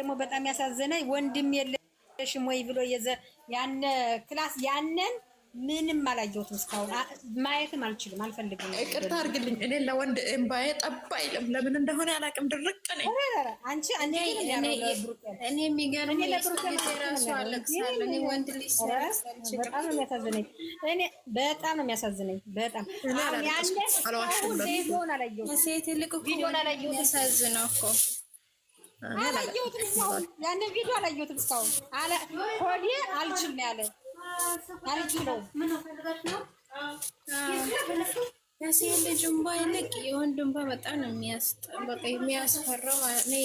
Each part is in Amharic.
ደግሞ በጣም ያሳዘነኝ ወንድም የለሽም ወይ ብሎ የዘ ያን ክላስ ያንን ምንም አላየሁትም እስካሁን ማየትም አልችልም፣ አልፈልግም። ይቅርታ አድርግልኝ። እኔ ለወንድ እምባዬ ጠብ አይልም። ለምን እንደሆነ አላውቅም። ድርቅ ነኝ አንቺ እኔ የሚገርም በጣም የሚያሳዝነኝ እኔ በጣም የሚያሳዝነኝ በጣም ያለ ሆን አላየሁትም። ሴት ልቅ ሆን አላየሁትም። ያሳዝነው እኮ አላየሁትም እስካሁን ያንን ቪዲዮ አላየሁትም እስካሁን። ሆዴ አልችል ነው ያለ አልችለውም። የሴት ልጅ እንባ ይልቅ የወንድ እንባ በጣም ነው የሚያስፈራው።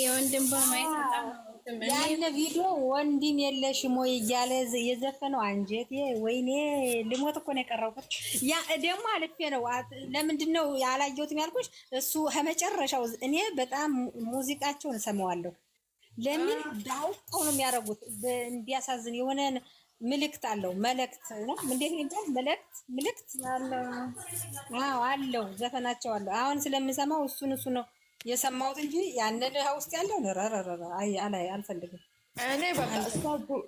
የወንድ እንባ ማየት በጣም ነው ያን ቪዲዮ ወንድም የለሽም ወይ እያለ የዘፈነው አንጀቴ ወይኔ ልሞት እኮ ነው የቀረብኩት። ያ ደግሞ አልፌ ነው። ለምንድን ነው ያላየሁትም ያልኩሽ? እሱ ከመጨረሻው እኔ በጣም ሙዚቃቸውን እሰማዋለሁ። ለምን ባውቀው ነው የሚያደርጉት? እንዲያሳዝን የሆነ ምልክት አለው። መልእክት ነው እንዴት ይባል? መልእክት ምልክት አለው። አዎ አለው። ዘፈናቸው አለው። አሁን ስለምሰማው እሱን እሱ ነው የሰማሁት እንጂ ያንን ውስጥ ያለውን አይ አላይ አልፈልግም። እኔ በቃ እሷ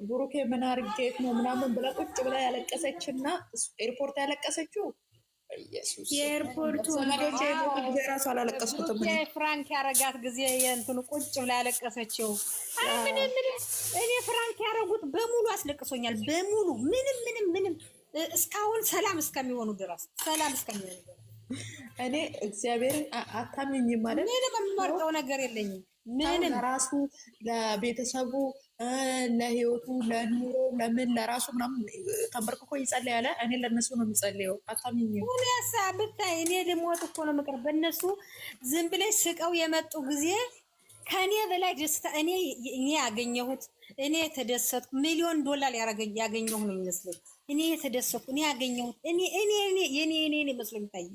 ብሩኬ ምን አርጌት ነው ምናምን ብላ ቁጭ ብላ ያለቀሰች እና ኤርፖርት ያለቀሰችው የኤርፖርቱ ራሱ አላለቀስኩትም። ፍራንክ ያረጋት ጊዜ የእንትኑ ቁጭ ብላ ያለቀሰችው እኔ ፍራንክ ያረጉት በሙሉ አስለቅሶኛል። በሙሉ ምንም ምንም ምንም እስካሁን ሰላም እስከሚሆኑ ድረስ ሰላም እስከሚሆኑ ድረስ እኔ እግዚአብሔርን አታምኝ ማለት ምንም የምመርጠው ነገር የለኝም። ምንም ለራሱ ለቤተሰቡ፣ ለህይወቱ፣ ለኑሮ ለምን ለራሱ ምናምን ተንበርክኮ ይጸል ያለ እኔ ለእነሱ ነው የሚጸልየው። አታምኝም ያሳ ብታይ እኔ ልሞት እኮ ነው ምቅር በእነሱ ዝም ብለሽ ስቀው የመጡ ጊዜ ከእኔ በላይ ደስታ እኔ እኔ ያገኘሁት እኔ የተደሰትኩ ሚሊዮን ዶላር ያገኘሁ ነው የሚመስለኝ። እኔ የተደሰትኩ እኔ ያገኘሁት እኔ እኔ እኔ የኔ እኔ መስሎ የሚታየኝ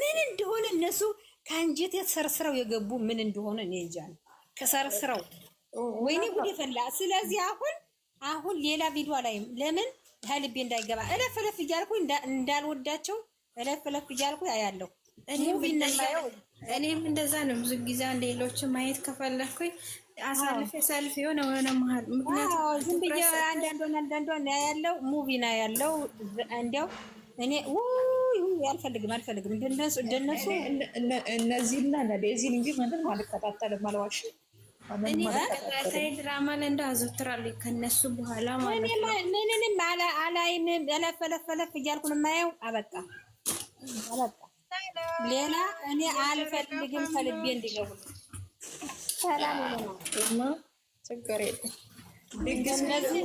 ምን እንደሆነ እነሱ ከአንጀት የተሰርስረው የገቡ ምን እንደሆነ እኔ እንጃ ነው ከሰርስረው ወይኔ ጉድ ፈላ። ስለዚህ አሁን አሁን ሌላ ቪዲዮ ላይም ለምን ከልቤ እንዳይገባ እለፍ እለፍ እያልኩ እንዳልወዳቸው እለፍ እለፍ እያልኩ ያያለሁ። እኔም እንደዛ ነው። ብዙ ጊዜ ሌሎችን ማየት ከፈለኩኝ አሳልፍ ሰልፍ የሆነ የሆነ መሀል ምክንያቱም ዝም ብዬ አንዳንዷን አንዳንዷን ያያለው ሙቪ ና ያለው እንዲያው እኔ አልፈልግም አልፈልግም። እንደነሱ እንደነሱ እነዚህና ለዴዚን እንጂ ምንም አልከታተልም። አልዋሽም። ተከታታይ ድራማ ላይ እንደ አዘወትራለሁ ከነሱ በኋላ ማለት ነው። ምንንም አላይም። ለፈለፈለፍ እያልኩ ነው የማየው። አበቃ አበቃ። ሌላ እኔ አልፈልግም። ከልቤ እንዲገቡ ሰላም ነው። ችግር የለም። ድግስ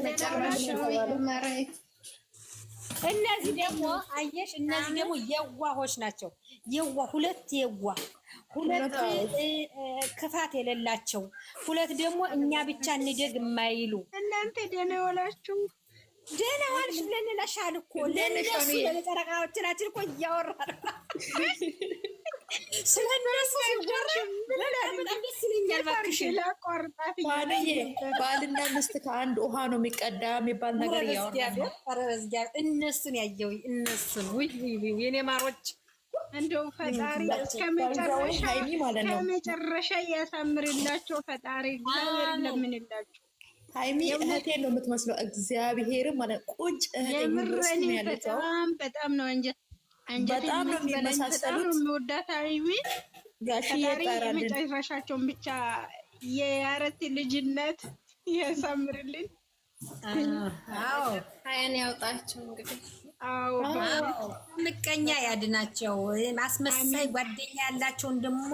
መጨረሻ ወይ መሬት እነዚህ ደግሞ አየሽ፣ እነዚህ ደግሞ የዋሆች ናቸው። የዋ ሁለት የዋ ሁለት ክፋት የሌላቸው ሁለት ደግሞ እኛ ብቻ እንደግ የማይሉ እናንተ ደህና ዋላችሁ፣ ደህና ዋልሽ ብለን እኮ ለእነሱ ለጨረቃዎቻችን እኮ እያወራል ባልና ሚስት ከአንድ ውሃ ነው የሚቀዳ የሚባል ነገር እያወራሁ እነሱን እነሱን የኔ ማሮች እንደው ፈጣሪ ከመጨረሻ ፈጣሪ እግዚአብሔር ለምንላቸው። ሀይሚ እህቴን ነው የምትመስለው። እግዚአብሔርም ማለት ቁጭ እህቴ በጣም በጣም ነው እንጀት በጣም ነው የሚመሳሰሉት። የሚወዳት ሀይሚ የመጨረሻቸውን ብቻ የአረት ልጅነት ያሳምርልን። ሀያን ያውጣቸው። እንግዲህ ምቀኛ ያድናቸው። አስመሳይ ጓደኛ ያላቸውን ደግሞ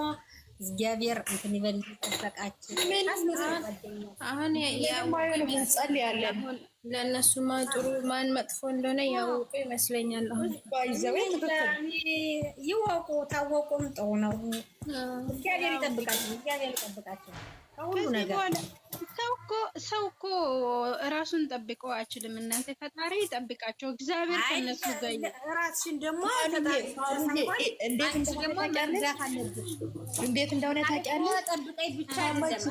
እግዚአብሔር እንትን ይበል ይጠበቃቸው። አሁን ያለን ለእነሱማ ጥሩ ማን መጥፎ እንደሆነ ያወቁ ይመስለኛል። ይወቁ ታወቁም ጥሩ ነው። እግዚአብሔር ይጠብቃቸው፣ እግዚአብሔር ይጠብቃቸው። ሁሉ ነገር ሰው እኮ እራሱን ጠብቆ አይችልም። እናንተ ፈጣሪ ጠብቃቸው፣ እግዚአብሔር ከነሱ ጋር ራስሽን ደግሞ እንዴት እንደሆነ ታውቂያለሽ።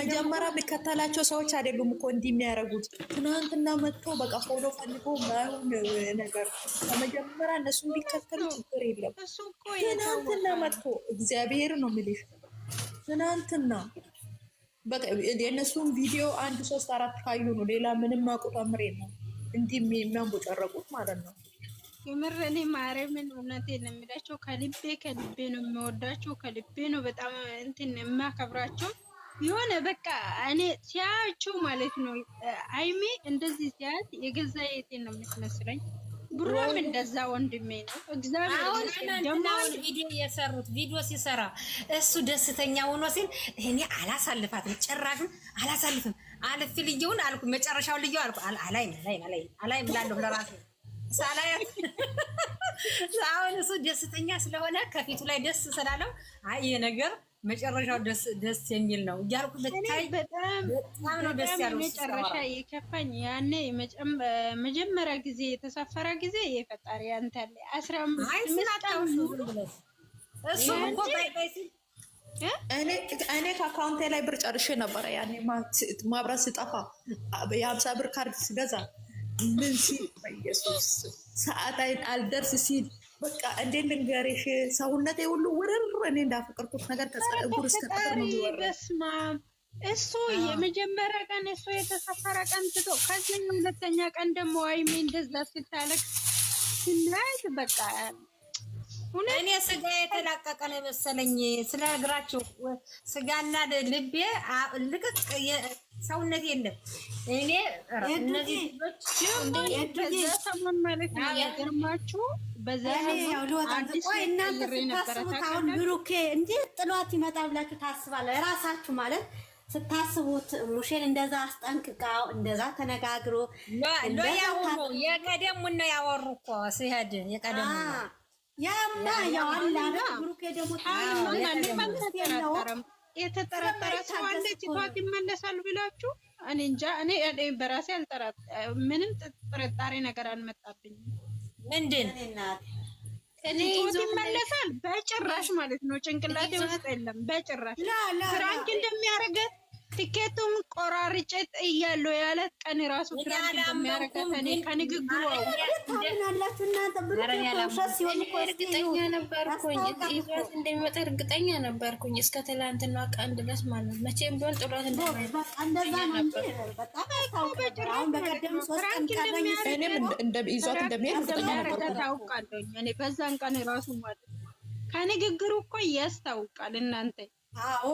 መጀመሪያ የሚከተላቸው ሰዎች አይደሉም እኮ እንዲህ የሚያደርጉት። ትናንትና መጥቶ በቃ ፎሎ ፈልጎ ማይሆን ነገር ከመጀመሪያ እነሱ እንዲከተሉ ችግር የለም። ትናንትና መጥቶ እግዚአብሔር ነው የምልሽ ትናንትና የእነሱን ቪዲዮ አንድ ሶስት አራት ካዩ ነው። ሌላ ምንም አቁቷ ምሬ ነው እንዲህ የሚያንቦጨረቁት ማለት ነው። የምር እኔ ማርያምን እውነቴን ነው የምላቸው። ከልቤ ከልቤ ነው የሚወዳቸው። ከልቤ ነው በጣም እንትን የማከብራቸው። የሆነ በቃ እኔ ሲያያቸው ማለት ነው አይሜ እንደዚህ ሲያት የገዛ የቴን ነው የምትመስለኝ። ብሩም እንደዛ ወንድሜ ነው። እግዚአብሔር ቪዲዮ የሰሩት ቪዲዮ ሲሰራ እሱ ደስተኛ ሆኖ ሲል እኔ አላሳልፋትም፣ አላሳልፍም፣ አልፍ ልየውን አልኩ፣ ልየው አልኩ። አላይም አላይም አላይም አላይም እላለሁ ለራሴ አሁን እሱ ደስተኛ ስለሆነ ከፊቱ ላይ ደስ ስላለው አይ ነገር መጨረሻው ደስ የሚል ነው እያልኩ ብታይ በጣም ነው ደስ ያለው። መጨረሻ የከፋኝ ያኔ መጀመሪያ ጊዜ የተሳፈረ ጊዜ የፈጣሪ ያንታለ አስራ እኔ ከአካውንቴ ላይ ብር ጨርሼ ነበረ ያኔ ማብራት ስጠፋ የሀምሳ ብር ካርድ ስገዛ ምን ሲል በኢየሱስ ሰዓት አልደርስ ሲል በቃ እንዴ ልንገርሽ ሰውነቴ ሁሉ ውርር እኔ እንዳፈቀርኩት ነገር ከጸጉር እስከ በስመ አብ እሱ የመጀመሪያ ቀን እሱ የተሳፈረ ቀን ትቶ ከዚህ ሁለተኛ ቀን ደግሞ አይሜ እንደዛ ስታለቅ ስናያት በቃ እኔ ስጋ የተላቀቀ ነው የመሰለኝ። ስለ እግራቸው ስጋና ልቤ ልቅቅ ሰውነት የለም። እኔ እነዚህ ሰሞን ስታስቡት አሁን ብሩኬ እንዲህ ጥሏት ይመጣ ብላችሁ ታስባለ እራሳችሁ ማለት ስታስቡት ሙሼን እንደዛ አስጠንቅቃው እንደዛ ተነጋግሮ የቀደሙን ነው ያወሩ እኮ ሲሄድ የቀደሙ ያማ ያው አላ ብሩኬ ደግሞ መንግስት የተጠረጠረ ሰው አለ ቲቷት ይመለሳሉ ብላችሁ እኔ እንጃ። እኔ እኔ በራሴ ምንም ጥርጣሬ ነገር አልመጣብኝም። ምንድን እኔ ይመለሳል በጭራሽ ማለት ነው። ጭንቅላቴ ውስጥ የለም በጭራሽ ፍራንክ እንደሚያደርገት ትኬቱን ቆራርጬ ጥያለሁ ያለት ቀን ራሱ እርግጠኛ ነበርኩኝ፣ እንደሚመጣ እርግጠኛ ነበርኩኝ እስከ ትላንትና ቀን ድረስ ማለት ነው። መቼም ቢሆን ጥሏት እንደሚያረጋት በዛን ቀን ራሱ ማለት ከንግግሩ እኮ ያስታውቃል እናንተ አዎ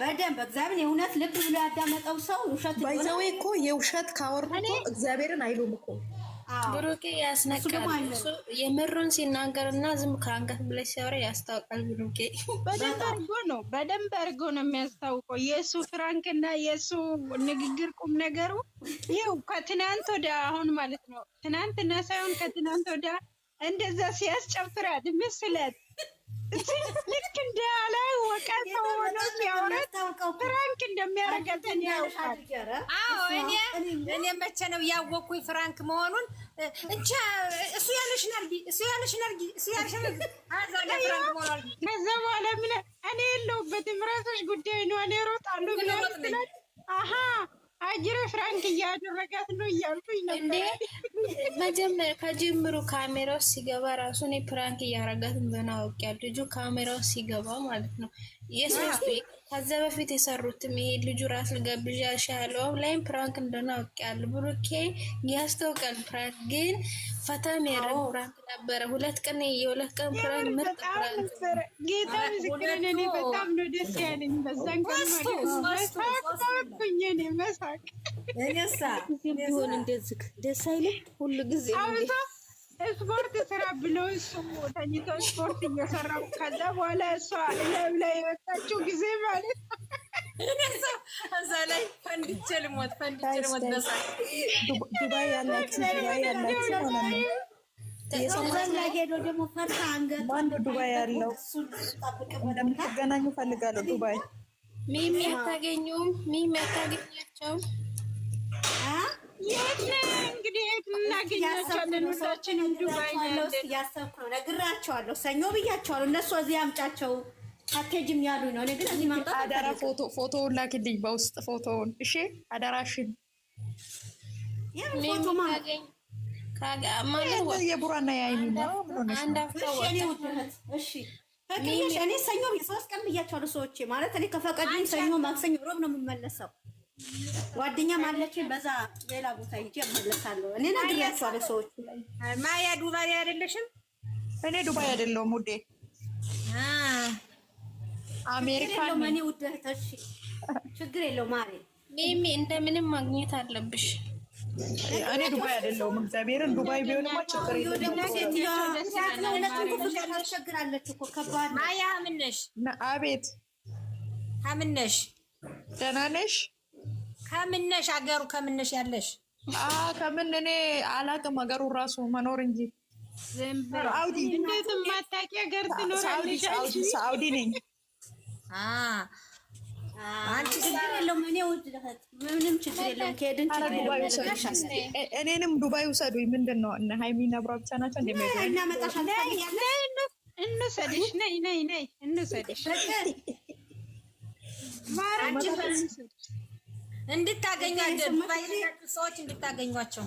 በደንብ እግዚአብሔር የእውነት ልብ ብሎ ያዳመጠው ሰው ውሸት ባይዘው እኮ የውሸት ካወሩ እግዚአብሔርን አይሉም እኮ ብሩኬ ያስነቃል። የምሩን ሲናገር እና ዝም ከአንገት ብለሽ ሲያወራ ያስታውቃል። ብሩኬ በደንብ አድርጎ ነው በደንብ አድርጎ ነው የሚያስታውቀው። የእሱ ፍራንክ እና የእሱ ንግግር ቁም ነገሩ ይኸው ከትናንት ወደ አሁን ማለት ነው ትናንትና ሳይሆን ከትናንት ወደ እንደዛ ሲያስጨፍራት ምስለት ልክ እንዳላወቀ ሰው ሆኖ ሲያወራት ፍራንክ እንደሚያደርጋት እኔ መቼ ነው ያወቅኩኝ ፍራንክ መሆኑን? እንቻ እሱ ያለሽ ነርጊ፣ እሱ ያለሽ ነርጊ፣ እሱ ያለሽ ከዛ በኋላ ምን እኔ የለሁበትም ራሶች ጉዳይ ነው እኔ ሮጣለሁ ብላ አሀ አጅረ ፍራንክ እያደረጋት ነው እያልኩኝ እንዴ! መጀመሪያ ከጀምሩ ካሜራው ሲገባ ራሱ እኔ ፕራንክ እያረጋት እንደሆነ አውቄያለሁ። ልጁ ካሜራው ሲገባ ማለት ነው። የሶስቱ ከዛ በፊት የሰሩትም ይሄ ልጁ ራስ ልገብዣ ሻለው ላይም ፍራንክ እንደሆነ አውቄያለሁ። ብሩኬ ያስታውቃል ፍራንክ ግን ፈታ የሚያደርግ ፕራንክ ነበረ። ሁለት ቀን የሁለት ቀን ፕራንክ ምርጥ ፕራንክ ጌታ ምስክሬን እኔ በጣም ነው ደስ ያለኝ። በዛን ቀን መሳቅ ቢሆን እንደዚህ ደስ አይልም ሁሉ ጊዜ ስፖርት ስራ ብሎ እሱ ተኝቶ ስፖርት እየሰራ ከዛ በኋላ እሷ ላይ የመጣችው ጊዜ ማለት ነው እዛ ላይ ፈንድቼ ልሞት ፈንድቼ ልሞት። ዱባይ ያላችሁ ዱባይ ያላችሁ ማነው ዱባይ ያለው እንደምትገናኙ ፈልጋለሁ። ዱባይ ሚሚ አታገኙም። ሚሚ አታገኛቸው እንግዲህ እናገኛቸዋለን። ሁላችንም ዱባይ ነው ነግራቸዋለሁ። ሰኞ ብያቸዋለሁ። እነሱ እዚህ አምጫቸው አትሄጂም ያሉኝ ነው። ነገር እዚህ ማምጣት አደራ፣ ፎቶ ፎቶውን ላክልኝ በውስጥ ፎቶውን። እሺ አደራሽን። የቡራና የአይኒ ነው። እኔ ሰኞ ሶስት ቀን ብያቸዋለሁ። ሰዎች ማለት እኔ ከፈቀዱኝ ሰኞ፣ ማክሰኞ፣ ሮብ ነው የምመለሰው። ጓደኛ ማለች በዛ ሌላ ቦታ ሂጅ እመለሳለሁ። እኔ ነግሬያቸዋለሁ። ሰዎች ማያ ዱባይ አይደለሽም? እኔ ዱባይ አይደለሁም ውዴ ችግር የለው ማሬ፣ ሚሚ እንደምንም ማግኘት አለብሽ። እኔ ዱባይ አይደለሁም። እግዚአብሔርን ዱባይ ቢሆንማ ችግር አቤት። ከምነሽ ደህና ነሽ? ከምነሽ አገሩ ከምነሽ ያለሽ ከምን እኔ አላቅም። አገሩ ራሱ መኖር እንጂ ዝም ብለው እንዴት የማታውቂ ሀገር ትኖራለሽ? ሳውዲ ነኝ አንቺ ችግር የለውም። እኔ ምንም ችግር የለውም። ከሄድን እኔንም ዱባይ ውሰዱኝ። ምንድን ነው እነ ሀይሚ ነብሯ ብቻ ናቸው እንውሰድሽ። ነይ ነይ ነይ እንውሰድሽ ዱባይ ሰዎች እንድታገኟቸው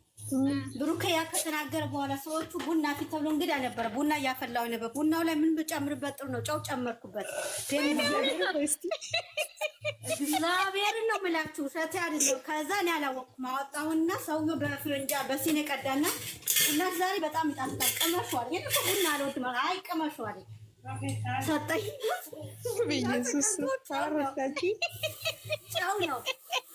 ብሩኬ ያ ከተናገረ በኋላ ሰዎቹ ቡና ፊት ተብሎ እንግዳ ነበረ። ቡና እያፈላው ነበር። ቡናው ላይ ምን ብጨምርበት ጥሩ ነው? ጨው ጨመርኩበት። እግዚአብሔርን ነው የምላችሁ፣ ውሸቴ አይደለም። ከዛ እኔ አላወቅኩም። አወጣሁና ሰውዬው በፍንጃ በሲኒ ቀዳና እና ዛሬ በጣም ይጣፍጣል ቅመሽዋል። የት እኮ ቡና አልወድም። አይ ቅመሽዋል ሰጠኝ። በኢየሱስ ታረታችሁ ጨው ነው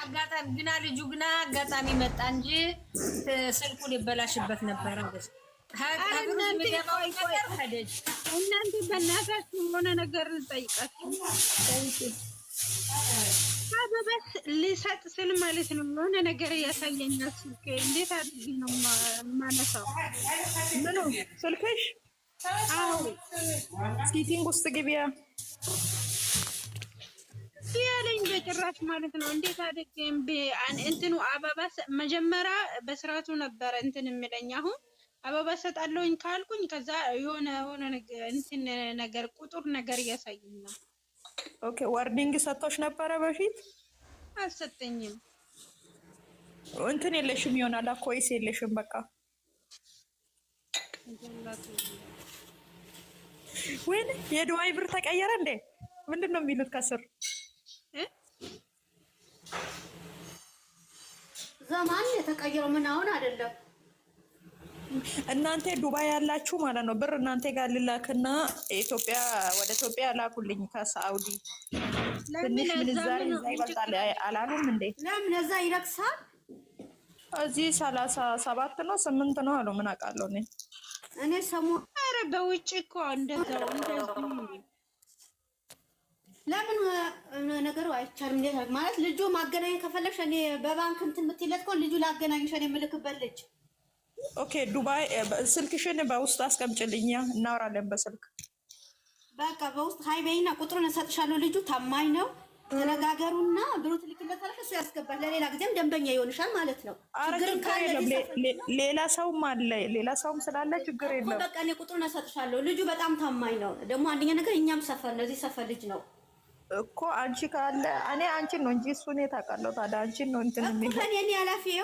አጋጣሚ ግና ልጁ ግና አጋጣሚ መጣ እንጂ ስልኩ ሊበላሽበት ነበረ። እናንተ በእናታችሁ የሆነ ነገር ልጠይቃችሁ። አበበት ልሰጥ ስል ማለት ነው የሆነ ነገር እያሳየኛል ስልኬ። እንዴት አድርጊ ነው የማነሳው? ምኑ ስልክሽ? አዎ ሴቲንግ ውስጥ ግቢያ ያለኝ በጭራሽ ማለት ነው። እንዴት አደግም እንትኑ አበባ መጀመሪያ በስርዓቱ ነበረ እንትን የሚለኝ አሁን አበባ ሰጣለሁኝ ካልኩኝ ከዛ የሆነ የሆነ እንትን ነገር ቁጥር ነገር እያሳየኝ ነው። ኦኬ ዋርኒንግ ሰጥቶች ነበረ በፊት አልሰጠኝም። እንትን የለሽም ይሆናል እኮ ወይስ የለሽም? በቃ ወይኔ የድዋይ ብር ተቀየረ እንዴ? ምንድን ነው የሚሉት ከስር ዘማን የተቀየረው ምን አሁን አይደለም። እናንተ ዱባይ ያላችሁ ማለት ነው ብር እናንተ ጋር ልላክና ኢትዮጵያ ወደ ኢትዮጵያ ላኩልኝ። ከሳውዲ ትንሽ ምንዛሬ ይበልጣል አላሉም እንዴ? ለምን እዛ ይረክሳል? እዚህ ሰላሳ ሰባት ነው ስምንት ነው አሉ። ምን አውቃለሁ እኔ እኔ ኧረ በውጭ እኮ እንደዛው እንደዚህ ለምን ነገሩ አይቻልም? እንዴት ማለት ልጁ ማገናኘት ከፈለግሽ እኔ በባንክ እንትን የምትይለት ከሆነ ልጁ ላገናኝሽ እኔ የምልክበት ልጅ። ኦኬ ዱባይ ስልክሽን በውስጥ አስቀምጭልኝ፣ እናወራለን በስልክ በቃ በውስጥ ሀይ በይና ቁጥሩን እሰጥሻለሁ። ልጁ ታማኝ ነው። ተነጋገሩና ብሩ ትልክለታለሽ፣ እሱ ያስገባል። ለሌላ ጊዜም ደንበኛ ይሆንሻል ማለት ነው። ሌላ ሰውም አለ፣ ሌላ ሰውም ስላለ ችግር የለም። በቃ እኔ ቁጥሩን እሰጥሻለሁ። ልጁ በጣም ታማኝ ነው። ደግሞ አንደኛ ነገር እኛም ሰፈር ነው፣ እዚህ ሰፈር ልጅ ነው። እኮ አንቺ ካለ እኔ አንቺን ነው እንጂ እሱ እሱን የታውቃለሁ። ታዲያ አንቺን ነው እንትን የሚሆን እኔ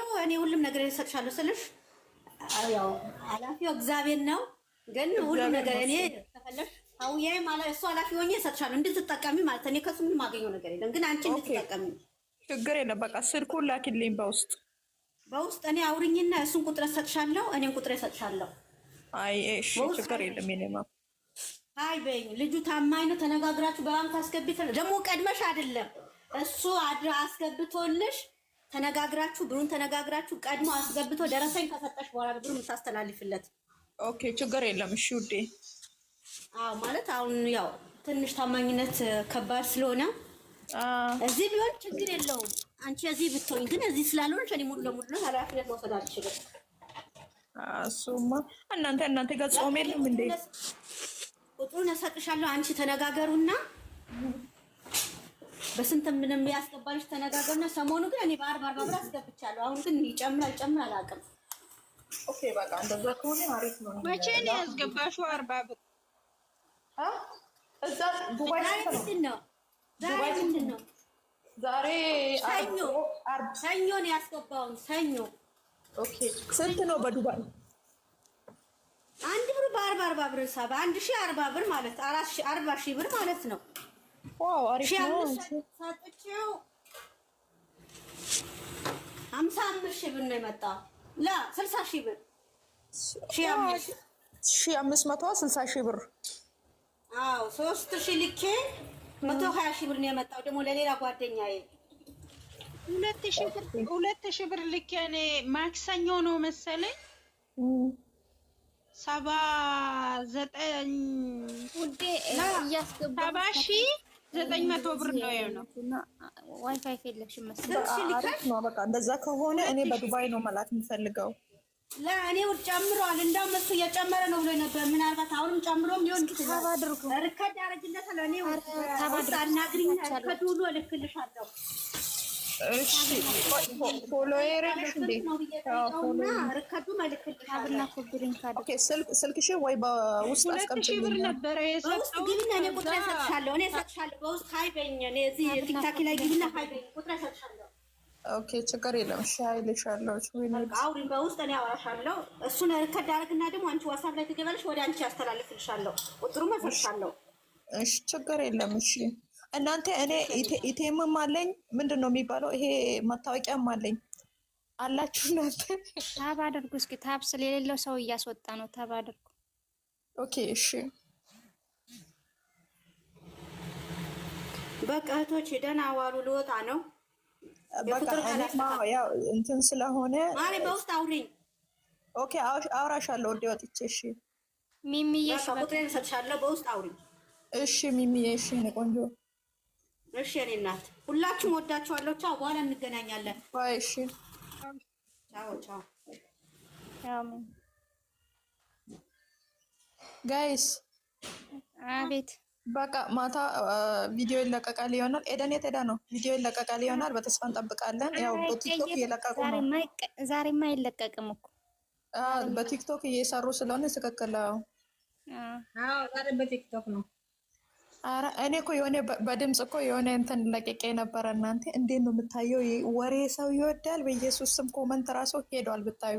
ው እኔ ሁሉም ነገር እሰጥሻለሁ ስልሽ ያው ኃላፊው እግዚአብሔር ነው። ግን ሁሉም ነገር እኔ ተፈለሽ አውዬ ማለት እሱ ኃላፊ ሆኜ እሰጥሻለሁ እንድትጠቀሚ ማለት እኔ ከሱ ምንም ማገኘው ነገር የለም። ግን አንቺ እንድትጠቀሚ ችግር የለም። በቃ ስልኩን ላኪልኝ በውስጥ በውስጥ እኔ አውርኝና እሱን ቁጥር እሰጥሻለሁ። እኔም ቁጥር እሰጥሻለሁ። አይ እሺ ችግር የለም። የኔማ አይ በይ ልጁ ታማኝ ነው። ተነጋግራችሁ በባንክ አስገብት ደግሞ ቀድመሽ አይደለም እሱ አድራ አስገብቶልሽ ተነጋግራችሁ ብሩን ተነጋግራችሁ ቀድሞ አስገብቶ ደረሰኝ ከሰጠሽ በኋላ ብሩን የምታስተላልፍለት። ኦኬ ችግር የለም እሺ ውዴ። አዎ ማለት አሁን ያው ትንሽ ታማኝነት ከባድ ስለሆነ እዚህ ቢሆን ችግር የለውም። አንቺ እዚህ ብትሆኝ ግን እዚህ ስላልሆንሽ እኔ ሙሉ ለሙሉ ኃላፊነት መውሰድ አልችልም። እሱማ እናንተ እናንተ ጋር ጾም የለም እንዴ? ቁጥሩን እሰጥሻለሁ። አንቺ ተነጋገሩና በስንት ምን የሚያስገባልሽ ተነጋገሩና። ሰሞኑ ግን እኔ በአርባ አርባ ብር አስገብቻለሁ። አሁን ግን ይጨምራል ጨምራል አቅም ኦኬ በቃ እንደዛ ከሆነ አሪፍ ነው። መቼ ነው ያስገባሽው? አርባ ብር እዛ ጉባኤ ምንድን ነው ዛሬ ምንድን ነው ዛሬ? ሰኞ ሰኞ ነው ያስገባውን ሰኞ። ኦኬ ስንት ነው በዱባይ አንድ ብር በአርባ አርባ ብር ሳባ አንድ ሺህ አርባ ብር ማለት አራት ሺህ አርባ ሺህ ብር ማለት ነው። ዋው አሪፍ ነው። ሳጥቼው ሀምሳ አምስት ሺህ ብር ነው የመጣው። ላ ስልሳ ሺህ ብር ሺህ አምስት መቶ ስልሳ ሺህ ብር አዎ፣ ሶስት ሺህ ልኬ መቶ ሀያ ሺህ ብር ነው የመጣው ደግሞ ለሌላ ጓደኛዬ ሁለት ሺህ ብር ልኬ እኔ ማክሰኞ ነው መሰለኝ ሰባ ዘጠኝ ሰባ ሺህ ዘጠኝ መቶ ብር ነው የሆነው። ዋይፋይ የለሽም መሰለኝ። በቃ እንደዛ ከሆነ እኔ በዱባይ ነው መላት የምፈልገው። ለእኔ ውድ ጨምሯል። እንዳውም እሱ እየጨመረ ነው ብሎ ነበር። ምናልባት አሁንም ጨምሮም ሊሆን ይችላል። ርከድ አረጅነት ለእኔ አናግሪኝ። ከዱሉ እልክልሻለሁ ስልክሽ ወይ በውስጥ ብር ነበረ ኦኬ ችግር የለም። እሺ በውስጥ እኔ አወራሻለሁ። እሱን ርከድ አደረግና ደግሞ አንቺ ላይ ትገባለሽ፣ ወደ አንቺ እሺ ችግር የለም። እሺ እናንተ እኔ ኢቴምም አለኝ ምንድን ነው የሚባለው? ይሄ መታወቂያም አለኝ አላችሁ እናንተ። ታብ አድርጉ እስኪ። ታብ ስለሌለው ሰው እያስወጣ ነው። ታብ አድርጉ። ኦኬ እሺ። በቃ እህቶች ደህና ዋሉ። ልወጣ ነው። እንትን ስለሆነ በውስጥ አውሪኝ። ኦኬ አውራሻለሁ። ወደ ወጥቼ እሺ። ሚሚዬ ቁጥሬን እሰጥሻለሁ። በውስጥ አውሪኝ እሺ። ሚሚዬ እሺ፣ ቆንጆ እሺ የኔ እናት ሁላችሁም ወዳችኋለሁ። ቻው፣ በኋላ እንገናኛለን። እሺ፣ ቻው ቻው። አሜን ጋይስ። አቤት በቃ ማታ ቪዲዮ ይለቀቃል ይሆናል። ኤደን የት ሄዳ ነው? ቪዲዮ ይለቀቃል ይሆናል። በተስፋ እንጠብቃለን። ያው በቲክቶክ እየለቀቁ ነው። ዛሬማ አይለቀቅም እኮ በቲክቶክ እየሰሩ ስለሆነ ትክክል። አዎ ዛሬ በቲክቶክ ነው። ኧረ እኔ እኮ የሆነ በድምፅ እኮ የሆነ እንትን ለቅቄ ነበረ። እናንተ እንዴት ነው የምታየው? ወሬ ሰው ይወዳል። በኢየሱስ ስም ኮመንት ራሱ ሄዷል ብታዩ።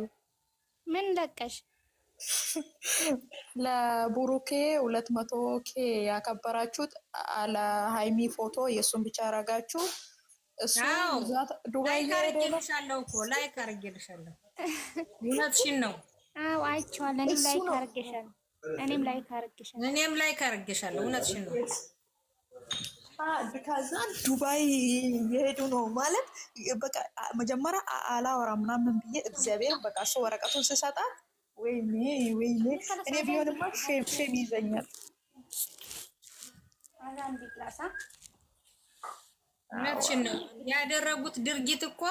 ምን ለቀሽ? ለቡሩኬ ሁለት መቶ ኬ ያከበራችሁት አለ ሀይሚ ፎቶ የእሱን ብቻ ያረጋችሁ እሱ ዱባይ ላይካርጌልሻለሁ እኮ ላይካርጌልሻለሁ። እውነትሽን ነው። አዎ አይቼዋለሁ። እኔም ላይካርጌሻለሁ እኔም ላይክ አድርጌሻለሁ። እኔም ላይክ አድርጌሻለሁ። እውነትሽን ነው። ቢካዝ ዱባይ የሄዱ ነው ማለት በቃ መጀመሪያ አላወራ ምናምን ብዬ እግዚአብሔር በቃ እሱ ወረቀቱን ስሰጣት ወይኔ ወይኔ እኔ ቢሆንማ ሼም ሼም ይዘኛል። እውነትሽን ነው ያደረጉት ድርጊት እኮ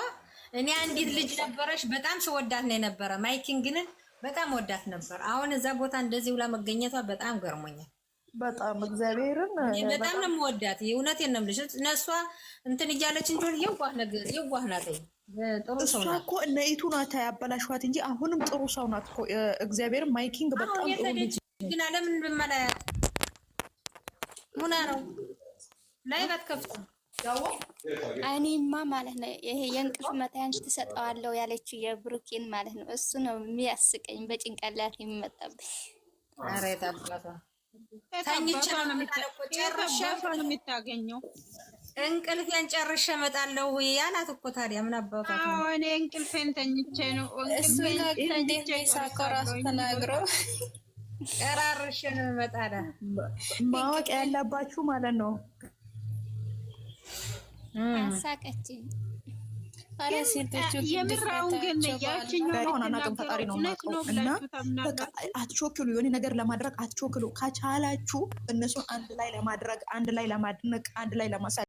እኔ አንዲት ልጅ ነበረች በጣም ስወዳት ነው የነበረ ማይኪንግንን በጣም ወዳት ነበር። አሁን እዛ ቦታ እንደዚህ ውላ መገኘቷ በጣም ገርሞኛል። በጣም እግዚአብሔርን በጣም ነው የምወዳት። እውነቴን ነው የምልሽ። እነሷ እንትን እያለች እንጆን የዋህ ነገር የዋህ ናት። እሷ እኮ እነ ኢቱ ናት ያበላሽኋት እንጂ አሁንም ጥሩ ሰው ናት እኮ እግዚአብሔርን። ማይኪንግ በጣም ጥሩ ልጅ ግን አለምን ብመላያት ሙና ነው ላይ ባትከፍቱም እኔማ ማለት ነው ይሄ የእንቅልፍ መታያን ትሰጠዋለሁ ያለችው የብሩኬን ማለት ነው። እሱ ነው የሚያስቀኝ በጭንቅላት የሚመጣብኝ። የሚታገኘው እንቅልፌን ጨርሼ እመጣለሁ ያላት እኮ ታዲያ ምን አባቷ እኔ እንቅልፌን ተኝቼ ነው ተናግሮ ነው እመጣለሁ ማወቅ ያለባችሁ ማለት ነው አሳቀችኝ። የምራውን ግን ፈጣሪ ነው እና በቃ አትቾክሉ፣ የሆነ ነገር ለማድረግ አትቾክሉ። ከቻላችሁ እነሱን አንድ ላይ ለማድረግ አንድ ላይ ለማድነቅ አንድ ላይ ለማሳ